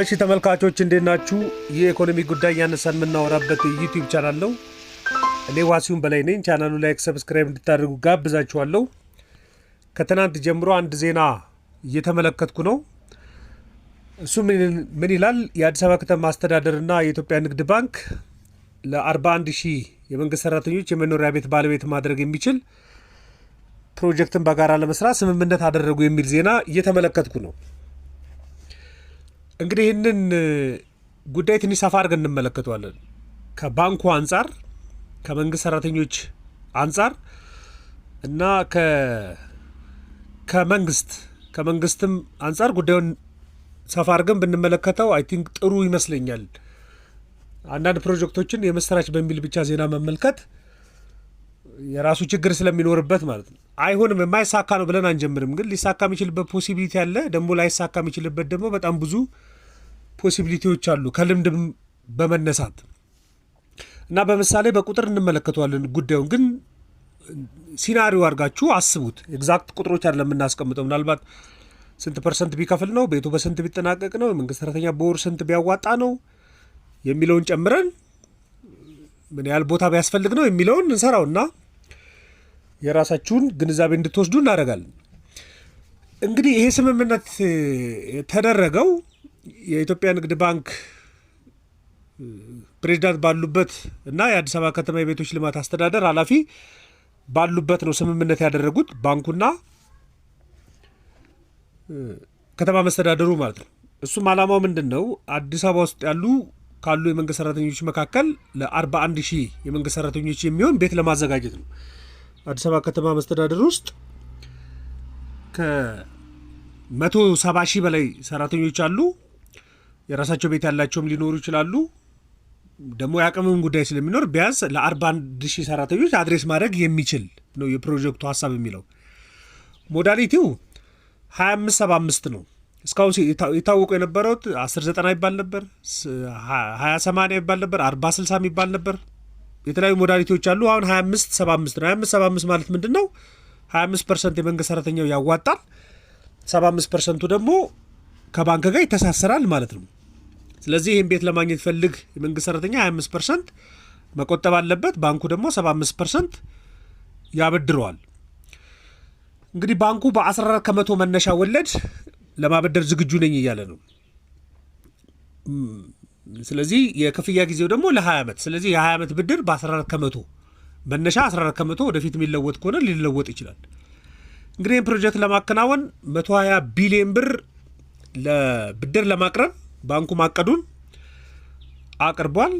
እሺ ተመልካቾች እንዴት ናችሁ? የኢኮኖሚ ጉዳይ እያነሳን የምናወራበት ዩቲዩብ ቻናል ነው። እኔ ዋሲሁን በላይ ነኝ። ቻናሉ ላይክ፣ ሰብስክራይብ እንድታደርጉ ጋብዛችኋለሁ። ከትናንት ጀምሮ አንድ ዜና እየተመለከትኩ ነው። እሱ ምን ይላል? የአዲስ አበባ ከተማ አስተዳደርና የኢትዮጵያ ንግድ ባንክ ለ41 ሺህ የመንግስት ሰራተኞች የመኖሪያ ቤት ባለቤት ማድረግ የሚችል ፕሮጀክትን በጋራ ለመስራት ስምምነት አደረጉ የሚል ዜና እየተመለከትኩ ነው። እንግዲህ ይህንን ጉዳይ ትንሽ ሰፋ አድርገን እንመለከተዋለን። ከባንኩ አንጻር፣ ከመንግስት ሰራተኞች አንጻር እና ከመንግስት ከመንግስትም አንጻር ጉዳዩን ሰፋ አድርገን ብንመለከተው አይ ቲንክ ጥሩ ይመስለኛል። አንዳንድ ፕሮጀክቶችን የመሰራች በሚል ብቻ ዜና መመልከት የራሱ ችግር ስለሚኖርበት ማለት ነው። አይሆንም የማይሳካ ነው ብለን አንጀምርም። ግን ሊሳካ የሚችልበት ፖሲቢሊቲ አለ። ደግሞ ላይሳካ የሚችልበት ደግሞ በጣም ብዙ ፖሲቢሊቲዎች አሉ ከልምድም በመነሳት እና በምሳሌ በቁጥር እንመለከተዋለን። ጉዳዩን ግን ሲናሪዮ አድርጋችሁ አስቡት። ኤግዛክት ቁጥሮች አለ የምናስቀምጠው ምናልባት ስንት ፐርሰንት ቢከፍል ነው ቤቱ በስንት ቢጠናቀቅ ነው የመንግስት ሰራተኛ በወር ስንት ቢያዋጣ ነው የሚለውን ጨምረን ምን ያህል ቦታ ቢያስፈልግ ነው የሚለውን እና የራሳችሁን ግንዛቤ እንድትወስዱ እናደርጋለን። እንግዲህ ይሄ ስምምነት የተደረገው የኢትዮጵያ ንግድ ባንክ ፕሬዚዳንት ባሉበት እና የአዲስ አበባ ከተማ የቤቶች ልማት አስተዳደር ኃላፊ ባሉበት ነው ስምምነት ያደረጉት ባንኩና ከተማ መስተዳደሩ ማለት ነው። እሱም ዓላማው ምንድን ነው? አዲስ አበባ ውስጥ ያሉ ካሉ የመንግስት ሰራተኞች መካከል ለ41 ሺህ የመንግስት ሰራተኞች የሚሆን ቤት ለማዘጋጀት ነው። አዲስ አበባ ከተማ መስተዳደር ውስጥ ከመቶ ሰባ ሺህ በላይ ሰራተኞች አሉ። የራሳቸው ቤት ያላቸውም ሊኖሩ ይችላሉ። ደግሞ የአቅምም ጉዳይ ስለሚኖር ቢያንስ ለአርባ አንድ ሺህ ሰራተኞች አድሬስ ማድረግ የሚችል ነው የፕሮጀክቱ ሀሳብ የሚለው ሞዳሊቲው 2575 ነው። እስካሁን የታወቁ የነበረው ዘጠና ይባል ነበር፣ 2080 ይባል ነበር፣ ስልሳ ይባል ነበር። የተለያዩ ሞዳሊቲዎች አሉ። አሁን 25 75 ነው። 25 75 ማለት ምንድን ነው? 25 ፐርሰንት የመንግስት ሰራተኛው ያዋጣል፣ 75 ፐርሰንቱ ደግሞ ከባንክ ጋር ይተሳሰራል ማለት ነው። ስለዚህ ይህን ቤት ለማግኘት ፈልግ የመንግስት ሰራተኛ 25 ፐርሰንት መቆጠብ አለበት፣ ባንኩ ደግሞ 75 ፐርሰንት ያበድረዋል። እንግዲህ ባንኩ በ14 ከመቶ መነሻ ወለድ ለማበደር ዝግጁ ነኝ እያለ ነው። ስለዚህ የክፍያ ጊዜው ደግሞ ለ20 ዓመት። ስለዚህ የ20 ዓመት ብድር በ14 ከመቶ መነሻ 14 ከመቶ ወደፊት የሚለወጥ ከሆነ ሊለወጥ ይችላል። እንግዲህ ይህን ፕሮጀክት ለማከናወን 120 ቢሊዮን ብር ለብድር ለማቅረብ ባንኩ ማቀዱን አቅርቧል።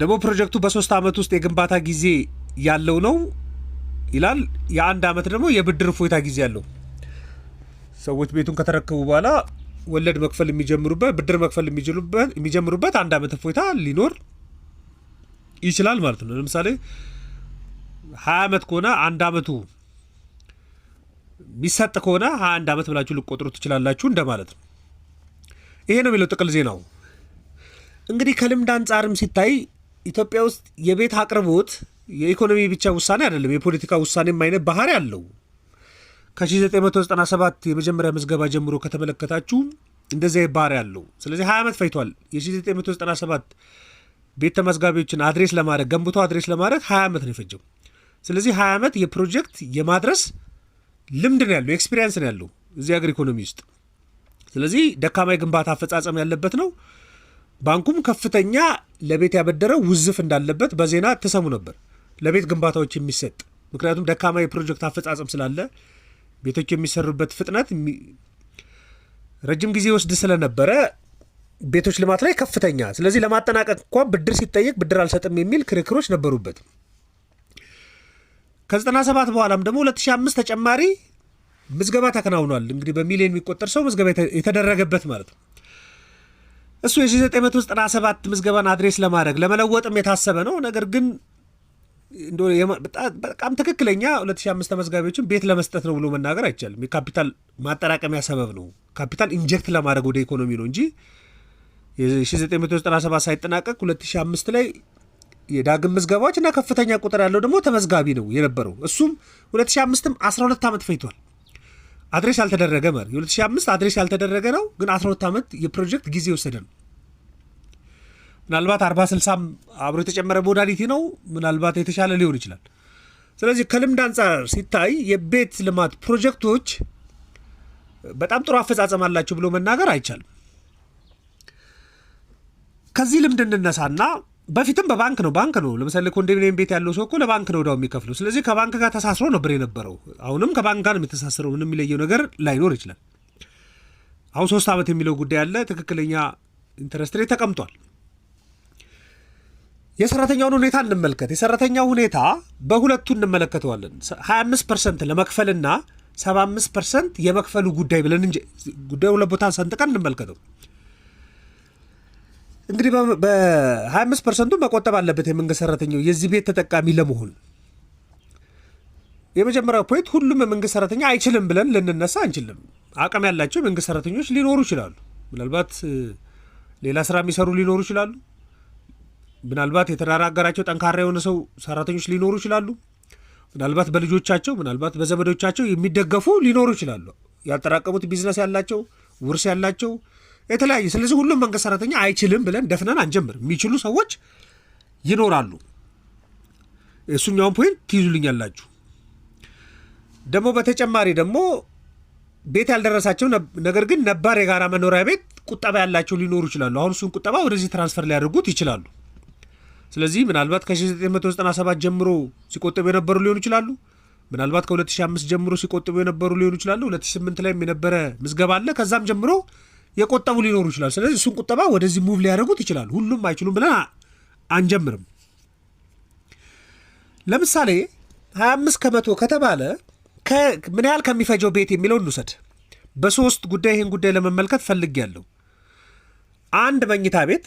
ደግሞ ፕሮጀክቱ በሶስት ዓመት ውስጥ የግንባታ ጊዜ ያለው ነው ይላል። የአንድ ዓመት ደግሞ የብድር እፎይታ ጊዜ ያለው ሰዎች ቤቱን ከተረከቡ በኋላ ወለድ መክፈል የሚጀምሩበት ብድር መክፈል የሚጀምሩበት አንድ ዓመት እፎይታ ሊኖር ይችላል ማለት ነው። ለምሳሌ ሀያ ዓመት ከሆነ አንድ ዓመቱ የሚሰጥ ከሆነ ሀያ አንድ ዓመት ብላችሁ ልቆጥሩ ትችላላችሁ እንደማለት ነው። ይሄ ነው የሚለው ጥቅል ዜናው። እንግዲህ ከልምድ አንጻርም ሲታይ ኢትዮጵያ ውስጥ የቤት አቅርቦት የኢኮኖሚ ብቻ ውሳኔ አይደለም፣ የፖለቲካ ውሳኔም አይነት ባህሪ አለው። ከ1997 የመጀመሪያ ምዝገባ ጀምሮ ከተመለከታችሁ እንደዚያ ባህሪ ያለው ስለዚህ 20 ዓመት ፈይቷል የ የ1997 ቤት ተመዝጋቢዎችን አድሬስ ለማድረግ ገንብቶ አድሬስ ለማድረግ 20 ዓመት ነው የፈጀው። ስለዚህ 20 ዓመት የፕሮጀክት የማድረስ ልምድ ነው ያለው፣ ኤክስፒሪየንስ ነው ያለው እዚህ ሀገር ኢኮኖሚ ውስጥ። ስለዚህ ደካማ የግንባታ አፈጻጸም ያለበት ነው። ባንኩም ከፍተኛ ለቤት ያበደረው ውዝፍ እንዳለበት በዜና ትሰሙ ነበር፣ ለቤት ግንባታዎች የሚሰጥ ምክንያቱም ደካማ የፕሮጀክት አፈጻጸም ስላለ ቤቶች የሚሰሩበት ፍጥነት ረጅም ጊዜ ወስድ ስለነበረ ቤቶች ልማት ላይ ከፍተኛ ስለዚህ ለማጠናቀቅ እኳ ብድር ሲጠየቅ ብድር አልሰጥም የሚል ክርክሮች ነበሩበት። ከ97 በኋላም ደግሞ 2005 ተጨማሪ ምዝገባ ተከናውኗል። እንግዲህ በሚሊዮን የሚቆጠር ሰው ምዝገባ የተደረገበት ማለት ነው። እሱ የ1997 ምዝገባን አድሬስ ለማድረግ ለመለወጥም የታሰበ ነው። ነገር ግን በጣም ትክክለኛ 205 ተመዝጋቢዎችን ቤት ለመስጠት ነው ብሎ መናገር አይቻልም። የካፒታል ማጠራቀሚያ ሰበብ ነው። ካፒታል ኢንጀክት ለማድረግ ወደ ኢኮኖሚ ነው እንጂ 1997 ሳይጠናቀቅ 205 ላይ የዳግም ምዝገባዎች እና ከፍተኛ ቁጥር ያለው ደግሞ ተመዝጋቢ ነው የነበረው። እሱም 2005ም 12 ዓመት ፈይቷል። አድሬስ ያልተደረገ ማለት የ2005 አድሬስ ያልተደረገ ነው ግን 12 ዓመት የፕሮጀክት ጊዜ ወሰደ ነው። ምናልባት አርባ ስልሳም አብሮ የተጨመረ ሞዳሊቲ ነው። ምናልባት የተሻለ ሊሆን ይችላል። ስለዚህ ከልምድ አንጻር ሲታይ የቤት ልማት ፕሮጀክቶች በጣም ጥሩ አፈጻጸም አላቸው ብሎ መናገር አይቻልም። ከዚህ ልምድ እንነሳና በፊትም በባንክ ነው ባንክ ነው ለምሳሌ ኮንዶሚኒየም ቤት ያለው ሰው እኮ ለባንክ ነው እዳው የሚከፍለው። ስለዚህ ከባንክ ጋር ተሳስሮ ነበር የነበረው። አሁንም ከባንክ ጋር ነው የተሳስረው። ምንም የሚለየው ነገር ላይኖር ይችላል። አሁን ሶስት ዓመት የሚለው ጉዳይ አለ። ትክክለኛ ኢንተረስት ሬት ተቀምጧል። የሰራተኛውን ሁኔታ እንመልከት። የሰራተኛው ሁኔታ በሁለቱ እንመለከተዋለን። 25 ፐርሰንት ለመክፈልና 75 ፐርሰንት የመክፈሉ ጉዳይ ብለን እንጂ ጉዳዩ ሁለት ቦታ ሰንጥቀን እንመልከተው። እንግዲህ በ25 ፐርሰንቱ መቆጠብ አለበት የመንግስት ሰራተኛው የዚህ ቤት ተጠቃሚ ለመሆን። የመጀመሪያው ፖይንት ሁሉም የመንግስት ሰራተኛ አይችልም ብለን ልንነሳ አንችልም። አቅም ያላቸው የመንግስት ሰራተኞች ሊኖሩ ይችላሉ። ምናልባት ሌላ ስራ የሚሰሩ ሊኖሩ ይችላሉ ምናልባት የተዳራ ጠንካራ የሆነ ሰው ሰራተኞች ሊኖሩ ይችላሉ። ምናልባት በልጆቻቸው ምናልባት በዘመዶቻቸው የሚደገፉ ሊኖሩ ይችላሉ። ያልጠራቀሙት ቢዝነስ ያላቸው፣ ውርስ ያላቸው የተለያየ። ስለዚህ ሁሉም መንግስት ሰራተኛ አይችልም ብለን ደፍነን አንጀምር። የሚችሉ ሰዎች ይኖራሉ። እሱኛውን ፖይንት ትይዙልኛላችሁ። ደግሞ በተጨማሪ ደግሞ ቤት ያልደረሳቸው ነገር ግን ነባር የጋራ መኖሪያ ቤት ቁጠባ ያላቸው ሊኖሩ ይችላሉ። አሁን እሱን ቁጠባ ወደዚህ ትራንስፈር ሊያደርጉት ይችላሉ። ስለዚህ ምናልባት ከ1997 ጀምሮ ሲቆጥቡ የነበሩ ሊሆኑ ይችላሉ። ምናልባት ከ2005 ጀምሮ ሲቆጥቡ የነበሩ ሊሆኑ ይችላሉ። 2008 ላይም የነበረ ምዝገባ አለ። ከዛም ጀምሮ የቆጠቡ ሊኖሩ ይችላሉ። ስለዚህ እሱን ቁጠባ ወደዚህ ሙቭ ሊያደርጉት ይችላሉ። ሁሉም አይችሉም ብለን አንጀምርም። ለምሳሌ 25 ከመቶ ከተባለ ምን ያህል ከሚፈጀው ቤት የሚለው እንውሰድ። በሶስት ጉዳይ ይህን ጉዳይ ለመመልከት ፈልጌያለሁ። አንድ መኝታ ቤት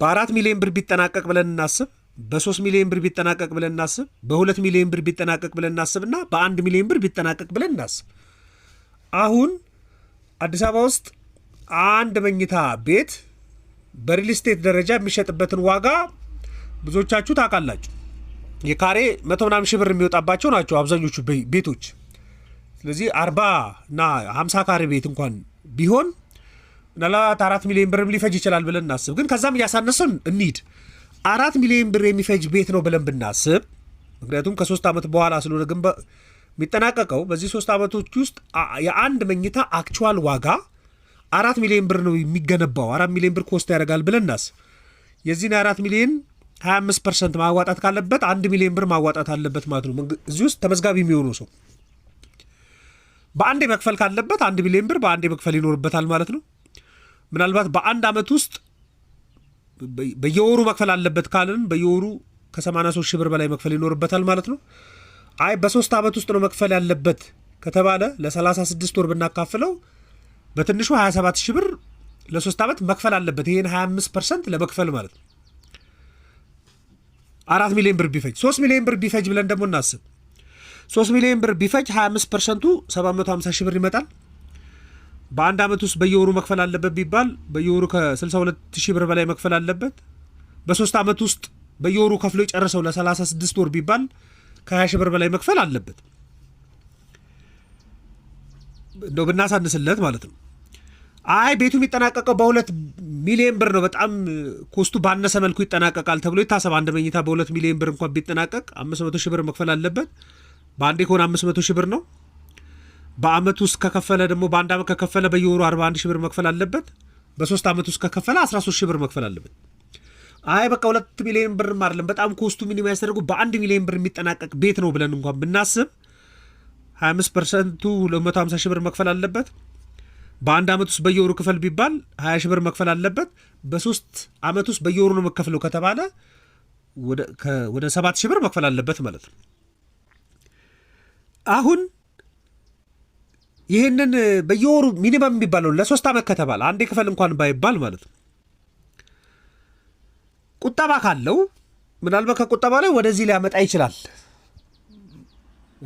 በአራት ሚሊዮን ብር ቢጠናቀቅ ብለን እናስብ፣ በሶስት ሚሊዮን ብር ቢጠናቀቅ ብለን እናስብ፣ በሁለት ሚሊዮን ብር ቢጠናቀቅ ብለን እናስብ እና በአንድ ሚሊዮን ብር ቢጠናቀቅ ብለን እናስብ። አሁን አዲስ አበባ ውስጥ አንድ መኝታ ቤት በሪል ስቴት ደረጃ የሚሸጥበትን ዋጋ ብዙዎቻችሁ ታውቃላችሁ። የካሬ መቶ ምናምን ሺህ ብር የሚወጣባቸው ናቸው አብዛኞቹ ቤቶች። ስለዚህ አርባ እና ሀምሳ ካሬ ቤት እንኳን ቢሆን ምናልባት አራት ሚሊዮን ብርም ሊፈጅ ይችላል ብለን እናስብ። ግን ከዛም እያሳነስን እንሂድ። አራት ሚሊዮን ብር የሚፈጅ ቤት ነው ብለን ብናስብ፣ ምክንያቱም ከሶስት ዓመት በኋላ ስለሆነ ግን የሚጠናቀቀው በዚህ ሶስት ዓመቶች ውስጥ የአንድ መኝታ አክቹዋል ዋጋ አራት ሚሊዮን ብር ነው የሚገነባው። አራት ሚሊዮን ብር ኮስት ያደርጋል ብለን እናስብ። የዚህን የአራት ሚሊዮን 25 ፐርሰንት ማዋጣት ካለበት አንድ ሚሊዮን ብር ማዋጣት አለበት ማለት ነው። እዚህ ውስጥ ተመዝጋቢ የሚሆኑ ሰው በአንዴ መክፈል ካለበት አንድ ሚሊዮን ብር በአንዴ መክፈል ይኖርበታል ማለት ነው። ምናልባት በአንድ ዓመት ውስጥ በየወሩ መክፈል አለበት ካልን በየወሩ ከ83 ሺህ ብር በላይ መክፈል ይኖርበታል ማለት ነው። አይ በሶስት ዓመት ውስጥ ነው መክፈል ያለበት ከተባለ ለ36 ወር ብናካፍለው በትንሹ 27 ሺህ ብር ለሶስት ዓመት መክፈል አለበት። ይህን 25 ፐርሰንት ለመክፈል ማለት ነው አራት ሚሊዮን ብር ቢፈጅ ሶስት ሚሊዮን ብር ቢፈጅ ብለን ደግሞ እናስብ። ሶስት ሚሊዮን ብር ቢፈጅ 25 ፐርሰንቱ 750 ሺህ ብር ይመጣል። በአንድ አመት ውስጥ በየወሩ መክፈል አለበት ቢባል በየወሩ ከ62 ሺህ ብር በላይ መክፈል አለበት። በሶስት አመት ውስጥ በየወሩ ከፍሎ የጨረሰው ለ36 ወር ቢባል ከ20 ሺህ ብር በላይ መክፈል አለበት። እንደው ብናሳንስለት ማለት ነው። አይ ቤቱ የሚጠናቀቀው በሁለት ሚሊዮን ብር ነው፣ በጣም ኮስቱ ባነሰ መልኩ ይጠናቀቃል ተብሎ ይታሰብ። አንድ መኝታ በሁለት ሚሊዮን ብር እንኳን ቢጠናቀቅ 500 ሺህ ብር መክፈል አለበት። በአንዴ ከሆነ 500 ሺህ ብር ነው። በአመት ውስጥ ከከፈለ ደግሞ በአንድ አመት ከከፈለ በየወሩ 41 ሺህ ብር መክፈል አለበት። በሶስት ዓመት ውስጥ ከከፈለ 13 ሺህ ብር መክፈል አለበት። አይ በቃ ሁለት ሚሊዮን ብር አይደለም በጣም ኮስቱ ሚኒማ ያስደርጉ በአንድ ሚሊዮን ብር የሚጠናቀቅ ቤት ነው ብለን እንኳን ብናስብ 25 ፐርሰንቱ 250 ሺህ ብር መክፈል አለበት። በአንድ ዓመት ውስጥ በየወሩ ክፈል ቢባል 20 ሺህ ብር መክፈል አለበት። በሶስት አመት ውስጥ በየወሩ ነው መከፍለው ከተባለ ወደ 7 ሺህ ብር መክፈል አለበት ማለት ነው አሁን ይህንን በየወሩ ሚኒመም የሚባለው ለሶስት ዓመት ከተባለ አንዴ ክፈል እንኳን ባይባል ማለት ነው። ቁጠባ ካለው ምናልባት ከቁጠባ ላይ ወደዚህ ሊያመጣ ይችላል።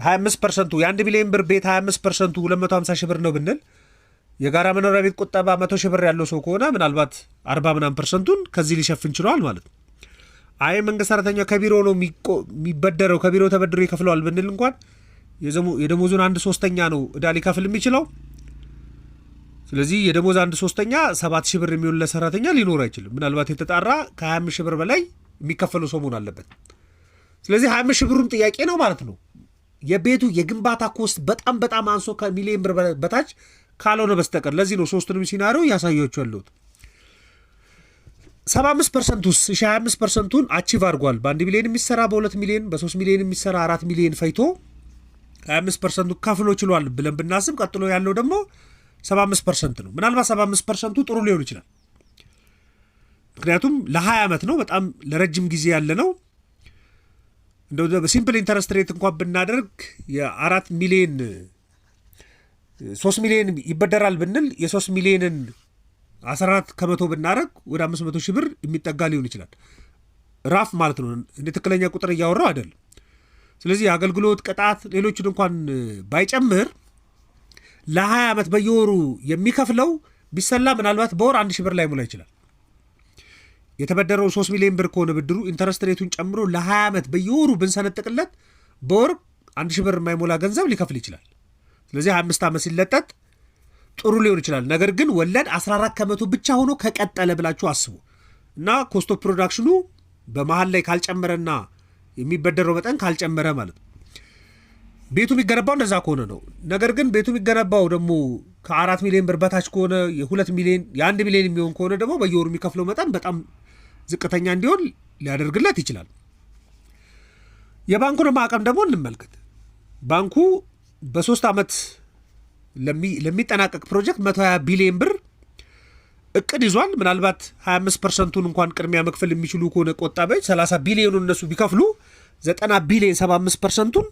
25 ፐርሰንቱ የአንድ ሚሊዮን ብር ቤት 25 ፐርሰንቱ 250 ሺህ ብር ነው ብንል የጋራ መኖሪያ ቤት ቁጠባ 100 ሺህ ብር ያለው ሰው ከሆነ ምናልባት 40 ምናምን ፐርሰንቱን ከዚህ ሊሸፍን ችለዋል ማለት ነው። አይ መንግስት ሰራተኛ ከቢሮ ነው የሚበደረው ከቢሮ ተበድሮ ይከፍለዋል ብንል እንኳን የደሞዙን አንድ ሶስተኛ ነው እዳ ሊከፍል የሚችለው። ስለዚህ የደሞዝ አንድ ሶስተኛ ሰባት ሺህ ብር የሚሆን ለሰራተኛ ሊኖር አይችልም። ምናልባት የተጣራ ከሀያ አምስት ሺህ ብር በላይ የሚከፈለው ሰው መሆን አለበት። ስለዚህ ሀያ አምስት ሺህ ብሩም ጥያቄ ነው ማለት ነው። የቤቱ የግንባታ ኮስት በጣም በጣም አንሶ ከሚሊዮን ብር በታች ካልሆነ በስተቀር ለዚህ ነው ሶስቱንም ሲናሪዮ ያሳያችሁ ያለሁት። ሰባ አምስት ፐርሰንት ውስጥ ሺ ሀያ አምስት ፐርሰንቱን አቺቭ አድርጓል። በአንድ ሚሊዮን የሚሰራ በሁለት ሚሊዮን በሶስት ሚሊዮን የሚሰራ አራት ሚሊዮን ፈይቶ 5 25 ፐርሰንቱ ከፍሎ ችሏል ብለን ብናስብ ቀጥሎ ያለው ደግሞ 75 ፐርሰንት ነው። ምናልባት 75 ፐርሰንቱ ጥሩ ሊሆን ይችላል። ምክንያቱም ለ20 ዓመት ነው፣ በጣም ለረጅም ጊዜ ያለ ነው። እንደው በሲምፕል ኢንተረስት ሬት እንኳን ብናደርግ የአራት ሚሊዮን ሶስት ሚሊዮን ይበደራል ብንል የ3 ሚሊዮንን 14 ከመቶ ብናደረግ ወደ 500 ሺህ ብር የሚጠጋ ሊሆን ይችላል። ራፍ ማለት ነው። እንደ ትክክለኛ ቁጥር እያወራው አይደለም። ስለዚህ የአገልግሎት ቅጣት፣ ሌሎችን እንኳን ባይጨምር ለ20 ዓመት በየወሩ የሚከፍለው ቢሰላ ምናልባት በወር አንድ ሺህ ብር ላይ ሙላ ይችላል። የተበደረው 3 ሚሊዮን ብር ከሆነ ብድሩ ኢንተረስት ሬቱን ጨምሮ ለ20 ዓመት በየወሩ ብንሰነጥቅለት በወር አንድ ሺህ ብር የማይሞላ ገንዘብ ሊከፍል ይችላል። ስለዚህ 25 ዓመት ሲለጠጥ ጥሩ ሊሆን ይችላል። ነገር ግን ወለድ 14 ከመቶ ብቻ ሆኖ ከቀጠለ ብላችሁ አስቡ እና ኮስቶ ፕሮዳክሽኑ በመሀል ላይ ካልጨመረና የሚበደረው መጠን ካልጨመረ ማለት ነው። ቤቱ የሚገነባው እንደዛ ከሆነ ነው። ነገር ግን ቤቱ የሚገነባው ደግሞ ከአራት ሚሊዮን ብር በታች ከሆነ የሁለት ሚሊዮን የአንድ ሚሊዮን የሚሆን ከሆነ ደግሞ በየወሩ የሚከፍለው መጠን በጣም ዝቅተኛ እንዲሆን ሊያደርግለት ይችላል። የባንኩን አቅም ደግሞ እንመልከት። ባንኩ በሶስት ዓመት ለሚጠናቀቅ ፕሮጀክት 120 ቢሊዮን ብር እቅድ ይዟል። ምናልባት 25 ፐርሰንቱን እንኳን ቅድሚያ መክፈል የሚችሉ ከሆነ ቆጣቢዎች 30 ቢሊዮኑን እነሱ ቢከፍሉ ዘጠና ቢሊዮን አምስት ፐርሰንቱን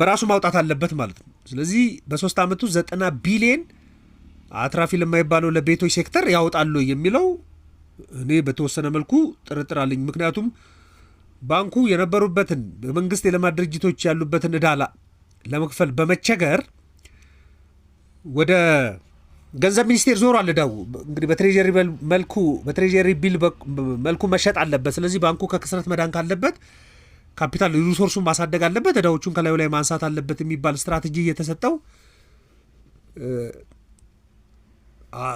በራሱ ማውጣት አለበት ማለት ነው። ስለዚህ በሶስት ዓመት ውስጥ ዘጠና ቢሊዮን አትራፊ ለማይባለው ለቤቶች ሴክተር ያወጣሉ የሚለው እኔ በተወሰነ መልኩ ጥርጥር አለኝ። ምክንያቱም ባንኩ የነበሩበትን በመንግስት የልማት ድርጅቶች ያሉበትን እዳላ ለመክፈል በመቸገር ወደ ገንዘብ ሚኒስቴር ዞሮ አልዳው እንግዲህ በትሬጀሪ መልኩ በትሬጀሪ ቢል መልኩ መሸጥ አለበት። ስለዚህ ባንኩ ከክስረት መዳን ካለበት ካፒታል ሪሶርሱን ማሳደግ አለበት፣ እዳዎቹን ከላዩ ላይ ማንሳት አለበት የሚባል ስትራቴጂ እየተሰጠው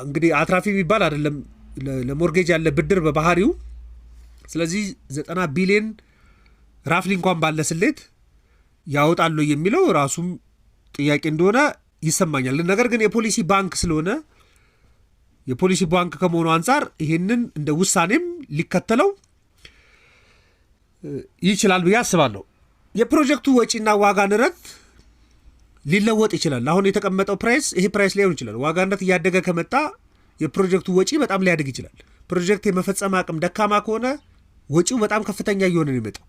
እንግዲህ አትራፊ የሚባል አይደለም ለሞርጌጅ ያለ ብድር በባህሪው። ስለዚህ ዘጠና ቢሊየን ራፍሊ እንኳን ባለ ስሌት ያወጣሉ የሚለው ራሱም ጥያቄ እንደሆነ ይሰማኛል። ነገር ግን የፖሊሲ ባንክ ስለሆነ የፖሊሲ ባንክ ከመሆኑ አንጻር ይሄንን እንደ ውሳኔም ሊከተለው ይችላል ብዬ አስባለሁ። የፕሮጀክቱ ወጪና ዋጋ ንረት ሊለወጥ ይችላል። አሁን የተቀመጠው ፕራይስ ይሄ ፕራይስ ሊሆን ይችላል። ዋጋ ንረት እያደገ ከመጣ የፕሮጀክቱ ወጪ በጣም ሊያድግ ይችላል። ፕሮጀክት የመፈጸም አቅም ደካማ ከሆነ ወጪው በጣም ከፍተኛ እየሆነ ነው የመጣው።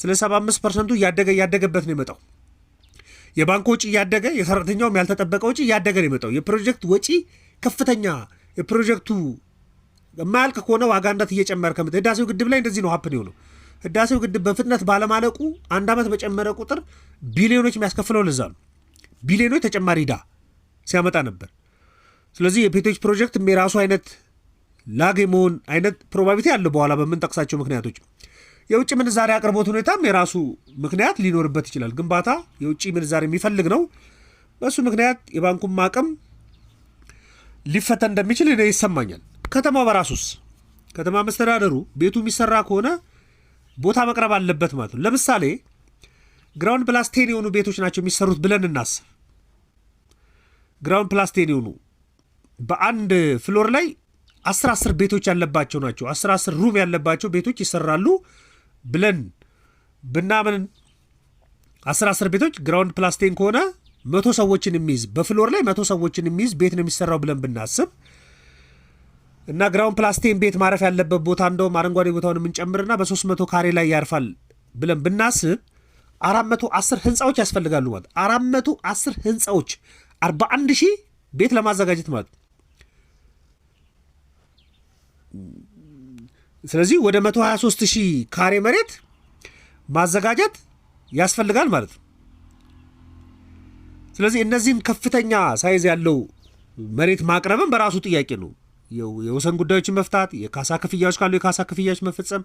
ስለ 75 ፐርሰንቱ እያደገ እያደገበት ነው የመጣው። የባንክ ወጪ እያደገ የሰራተኛውም ያልተጠበቀ ወጪ እያደገ ነው የመጣው። የፕሮጀክት ወጪ ከፍተኛ የፕሮጀክቱ የማያልቅ ከሆነ ዋጋ ንረት እየጨመረ ከመጣ ህዳሴው ግድብ ላይ እንደዚህ ነው ሀፕን የሆነው። ህዳሴው ግድብ በፍጥነት ባለማለቁ አንድ ዓመት በጨመረ ቁጥር ቢሊዮኖች የሚያስከፍለው ለዛ ነው። ቢሊዮኖች ተጨማሪ ዳ ሲያመጣ ነበር። ስለዚህ የፔቶች ፕሮጀክት የራሱ አይነት ላግ የመሆን አይነት ፕሮባቢቲ አለ። በኋላ በምንጠቅሳቸው ምክንያቶች የውጭ ምንዛሪ አቅርቦት ሁኔታም የራሱ ምክንያት ሊኖርበት ይችላል። ግንባታ የውጭ ምንዛሪ የሚፈልግ ነው። በእሱ ምክንያት የባንኩም አቅም ሊፈተን እንደሚችል ይሰማኛል። ከተማው በራሱስ ከተማ መስተዳደሩ ቤቱ የሚሰራ ከሆነ ቦታ መቅረብ አለበት ማለት ነው። ለምሳሌ ግራውንድ ፕላስቴን የሆኑ ቤቶች ናቸው የሚሰሩት ብለን እናስብ። ግራውንድ ፕላስቴን የሆኑ በአንድ ፍሎር ላይ አስር አስር ቤቶች ያለባቸው ናቸው። አስር አስር ሩም ያለባቸው ቤቶች ይሰራሉ ብለን ብናምን አስር አስር ቤቶች ግራውንድ ፕላስቴን ከሆነ መቶ ሰዎችን የሚይዝ በፍሎር ላይ መቶ ሰዎችን የሚይዝ ቤት ነው የሚሰራው ብለን ብናስብ እና ግራውንድ ፕላስቴን ቤት ማረፍ ያለበት ቦታ እንደውም አረንጓዴ ቦታውን የምንጨምርና በ መቶ ካሬ ላይ ያርፋል ብለን ብናስብ አስር ህንፃዎች ያስፈልጋሉ ማለት አስር ህንፃዎች 41 ሺህ ቤት ለማዘጋጀት ማለት ስለዚህ ወደ መቶ ሶስት ሺህ ካሬ መሬት ማዘጋጀት ያስፈልጋል ማለት ስለዚህ እነዚህን ከፍተኛ ሳይዝ ያለው መሬት ማቅረብን በራሱ ጥያቄ ነው። የወሰን ጉዳዮችን መፍታት፣ የካሳ ክፍያዎች ካሉ የካሳ ክፍያዎች መፈጸም።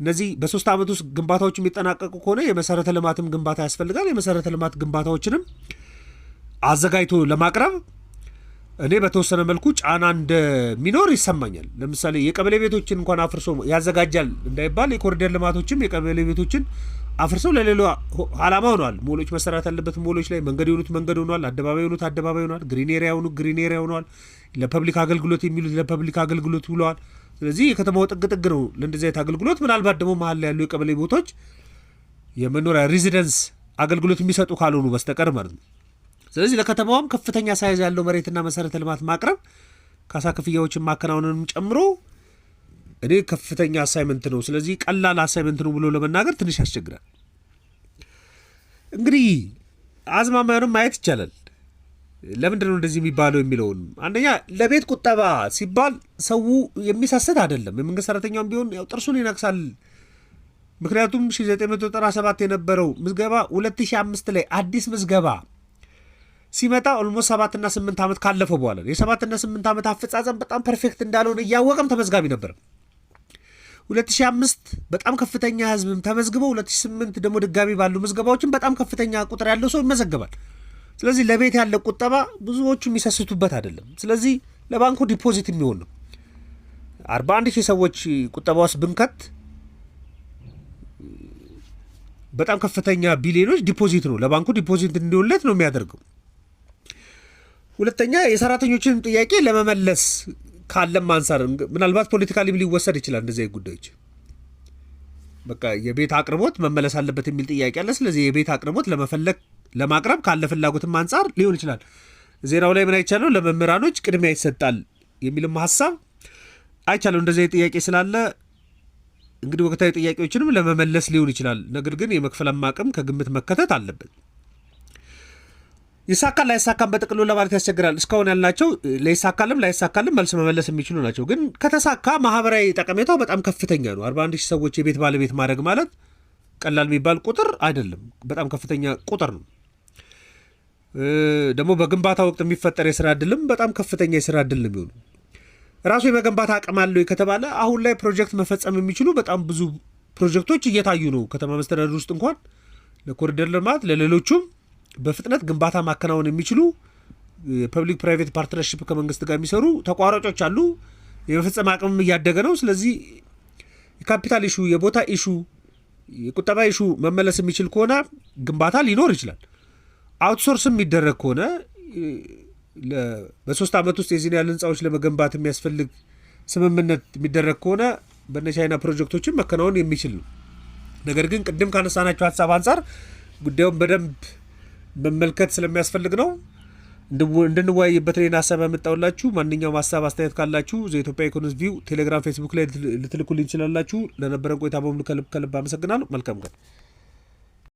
እነዚህ በሶስት ዓመት ውስጥ ግንባታዎች የሚጠናቀቁ ከሆነ የመሰረተ ልማትም ግንባታ ያስፈልጋል። የመሰረተ ልማት ግንባታዎችንም አዘጋጅቶ ለማቅረብ እኔ በተወሰነ መልኩ ጫና እንደሚኖር ይሰማኛል። ለምሳሌ የቀበሌ ቤቶችን እንኳን አፍርሶ ያዘጋጃል እንዳይባል የኮሪደር ልማቶችም የቀበሌ ቤቶችን አፍርሰው ለሌሎ አላማ ሆኗል። ሞሎች መሰራት ያለበት ሞሎች ላይ መንገድ የሆኑት መንገድ ሆኗል። አደባባይ የሆኑት አደባባይ ሆኗል። ግሪን ኤሪያ የሆኑት ግሪን ኤሪያ ሆኗል። ለፐብሊክ አገልግሎት የሚሉት ለፐብሊክ አገልግሎት ብለዋል። ስለዚህ የከተማው ጥግጥግ ነው ለእንደዚህ አይነት አገልግሎት። ምናልባት ደግሞ መሀል ላይ ያሉ የቀበሌ ቦታዎች የመኖሪያ ሬዚደንስ አገልግሎት የሚሰጡ ካልሆኑ በስተቀር ማለት ነው። ስለዚህ ለከተማውም ከፍተኛ ሳይዝ ያለው መሬትና መሰረተ ልማት ማቅረብ ካሳ ክፍያዎችን ማከናወንንም ጨምሮ እኔ ከፍተኛ አሳይመንት ነው። ስለዚህ ቀላል አሳይመንት ነው ብሎ ለመናገር ትንሽ ያስቸግራል። እንግዲህ አዝማሚያውንም ማየት ይቻላል። ለምንድን ነው እንደዚህ የሚባለው የሚለውን አንደኛ ለቤት ቁጠባ ሲባል ሰው የሚሳሰት አይደለም። የመንግስት ሰራተኛውም ቢሆን ያው ጥርሱን ይነክሳል። ምክንያቱም 1997 የነበረው ምዝገባ 2005 ላይ አዲስ ምዝገባ ሲመጣ ኦልሞስት ሰባትና ስምንት ዓመት ካለፈው በኋላ የሰባትና ስምንት ዓመት አፈጻጸም በጣም ፐርፌክት እንዳልሆነ እያወቀም ተመዝጋቢ ነበርም። 2005 በጣም ከፍተኛ ህዝብም ተመዝግቦ 2008 ደግሞ ድጋሚ ባሉ ምዝገባዎችም በጣም ከፍተኛ ቁጥር ያለው ሰው ይመዘገባል። ስለዚህ ለቤት ያለ ቁጠባ ብዙዎቹ የሚሰስቱበት አይደለም። ስለዚህ ለባንኩ ዲፖዚት የሚሆን ነው። 41 ሺህ ሰዎች ቁጠባ ውስጥ ብንከት በጣም ከፍተኛ ቢሊዮኖች ዲፖዚት ነው ለባንኩ ዲፖዚት እንዲሆንለት ነው የሚያደርገው። ሁለተኛ የሰራተኞችን ጥያቄ ለመመለስ ካለም አንሳር ምናልባት ፖለቲካሊ ሊወሰድ ይችላል እንደዚህ ጉዳዮች በቃ የቤት አቅርቦት መመለስ አለበት የሚል ጥያቄ አለ። ስለዚህ የቤት አቅርቦት ለመፈለግ ለማቅረብ ካለ ፍላጎትም አንጻር ሊሆን ይችላል። ዜናው ላይ ምን አይቻለው ለመምህራኖች ቅድሚያ ይሰጣል የሚልም ሀሳብ አይቻለው። እንደዚህ ጥያቄ ስላለ እንግዲህ ወቅታዊ ጥያቄዎችንም ለመመለስ ሊሆን ይችላል። ነገር ግን የመክፈል አቅም ከግምት መከተት አለበት። ይሳካል ላይሳካም በጥቅሉ ለማለት ያስቸግራል። እስካሁን ያልናቸው ለይሳካልም ላይሳካልም መልስ መመለስ የሚችሉ ናቸው። ግን ከተሳካ ማህበራዊ ጠቀሜታው በጣም ከፍተኛ ነው። 1 ሺህ ሰዎች የቤት ባለቤት ማድረግ ማለት ቀላል የሚባል ቁጥር አይደለም። በጣም ከፍተኛ ቁጥር ነው። ደግሞ በግንባታ ወቅት የሚፈጠር የስራ እድልም በጣም ከፍተኛ የስራ እድል ነው የሚሆኑ ራሱ የመገንባት አቅም አለው ከተባለ አሁን ላይ ፕሮጀክት መፈጸም የሚችሉ በጣም ብዙ ፕሮጀክቶች እየታዩ ነው። ከተማ መስተዳደር ውስጥ እንኳን ለኮሪደር ልማት ለሌሎቹም በፍጥነት ግንባታ ማከናወን የሚችሉ የፐብሊክ ፕራይቬት ፓርትነርሽፕ ከመንግስት ጋር የሚሰሩ ተቋራጮች አሉ። የመፈጸም አቅምም እያደገ ነው። ስለዚህ የካፒታል ኢሹ፣ የቦታ ኢሹ፣ የቁጠባ ኢሹ መመለስ የሚችል ከሆነ ግንባታ ሊኖር ይችላል። አውትሶርስ የሚደረግ ከሆነ በሶስት ዓመት ውስጥ የዚህን ያህል ህንፃዎች ለመገንባት የሚያስፈልግ ስምምነት የሚደረግ ከሆነ በነ ቻይና ፕሮጀክቶችን መከናወን የሚችል ነው። ነገር ግን ቅድም ካነሳናቸው ሀሳብ አንጻር ጉዳዩን በደንብ መመልከት ስለሚያስፈልግ ነው እንድንወያይበት ሌና ሀሳብ ያመጣውላችሁ። ማንኛውም ሀሳብ አስተያየት ካላችሁ ዘኢትዮጵያ ኢኮኖሚስ ቪው ቴሌግራም፣ ፌስቡክ ላይ ልትልኩልኝ ይችላላችሁ። ለነበረን ቆይታ በሙሉ ከልብ ከልብ አመሰግናለሁ። መልካም ቀን